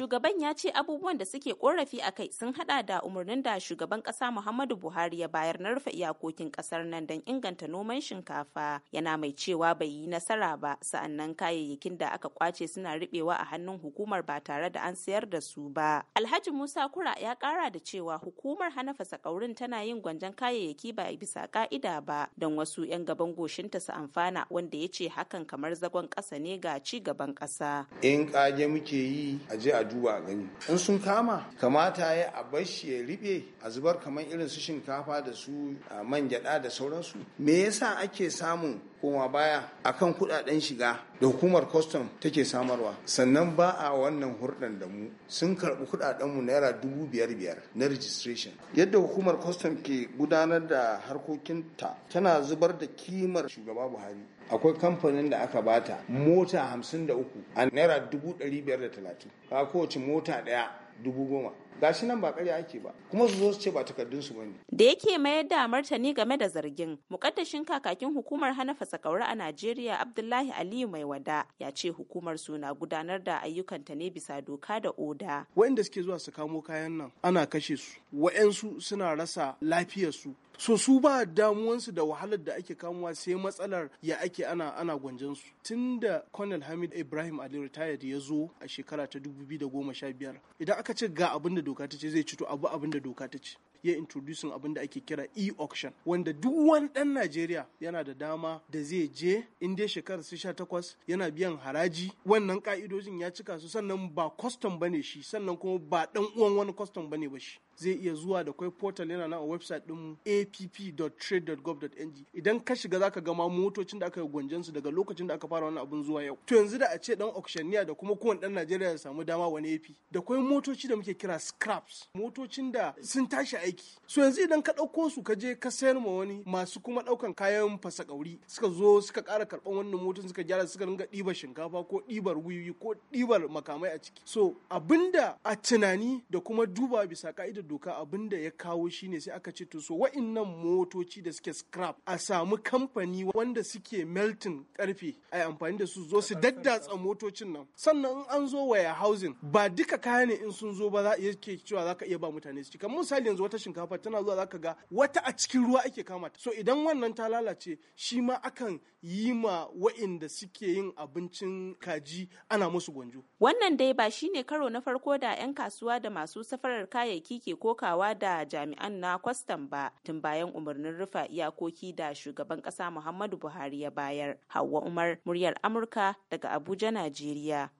Shugaban ya ce abubuwan da suke korafi a kai sun hada da umarnin da shugaban kasa Muhammadu Buhari ya bayar na rufe iyakokin kasar nan don inganta noman shinkafa. Yana mai cewa bai yi nasara ba sa'annan kayayyakin da aka kwace suna ribewa a hannun hukumar ba tare da an sayar da su ba. Alhaji Musa Kura ya kara da cewa hukumar hana ƙaurin tana yin gwanjan kayayyaki ba bisa ka'ida ba don wasu 'yan gaban goshinta su amfana wanda ya ce hakan kamar zagon ƙasa ne ga ci gaban ƙasa. In kage muke yi a je a duba gani in sun kama kamata ya a bar ya riɓe a zubar kamar irin su shinkafa da su man gyaɗa da sauransu me yasa ake samun koma baya a kan kudaden shiga da hukumar custom take samarwa sannan ba a wannan hurdan da mu sun karbi kudadenmu naira dubu biyar biyar na registration yadda hukumar custom ke gudanar da harkokinta tana zubar da kimar shugaba buhari akwai kamfanin da aka bata mota hamsin da uku a naira dubu ɗari biyar da talatin ka kowace mota ɗaya dubu goma gashi nan ba ƙarya ake ba kuma su zo su ce ba takardun su bane da yake mayar da martani game da zargin mukaddashin kakakin hukumar hana fasakaura a Najeriya Abdullahi Aliyu mai wada ya ce hukumar su na gudanar da ayyukanta ne bisa doka da oda wanda suke zuwa su kamo kayan nan ana kashe su wa'yansu suna rasa lafiyarsu so su ba damuwansu da wahalar da ake kamuwa sai matsalar ya ake ana ana gwanjansu tun da colonel hamid ibrahim ali retired ya zo a shekara ta 2015 idan aka ce ga abin da doka ta ce zai ci to abu abin da doka ta ce ya introducing abin da ake kira e-auction wanda duk wani dan Najeriya yana da dama da zai je in dai shekarar su sha takwas yana biyan haraji wannan ka'idojin ya cika su sannan ba kwastam bane shi sannan kuma ba dan uwan wani kwastam bane ba shi zai iya zuwa da kwai portal yana nan a website din app.trade.gov.ng idan ka shiga zaka ga ma motocin da aka yi gwanjan su daga lokacin da aka fara wannan abun zuwa yau to yanzu da a ce dan auctioneer da kuma kowane dan Najeriya ya samu dama wani AP da kwai motoci da muke kira scraps motocin da sun tashi aiki so yanzu idan ka ɗauko su ka je ka sayar ma wani masu kuma ɗaukan kayan fasa-kauri suka zo suka kara karɓan wannan motocin suka gyara suka ringa diba shinkafa ko ɗibar wiwi ko ɗibar makamai a ciki so abinda a tunani da kuma duba bisa ka'idar doka abin da ya kawo shine sai aka ce to so wa'innan motoci da suke scrap a samu kamfani wanda suke melting karfe a yi amfani da su zo su daddatsa motocin nan sannan in an zo waya housing ba duka kaya ne in sun zo ba za iya ke cewa za ka iya ba mutane su ci kamar misali yanzu wata shinkafa tana zuwa za ka ga wata a cikin ruwa ake kama ta so idan wannan ta lalace shi ma akan yi ma wa'inda suke yin abincin kaji ana musu gwanjo wannan dai ba shine karo na farko da 'yan kasuwa da masu safarar kayayyaki ke kokawa da jami'an na kwastam ba tun bayan umarnin rufe iyakoki da shugaban ƙasa Muhammadu Buhari ya bayar. Hauwa Umar, muryar Amurka daga Abuja, Najeriya.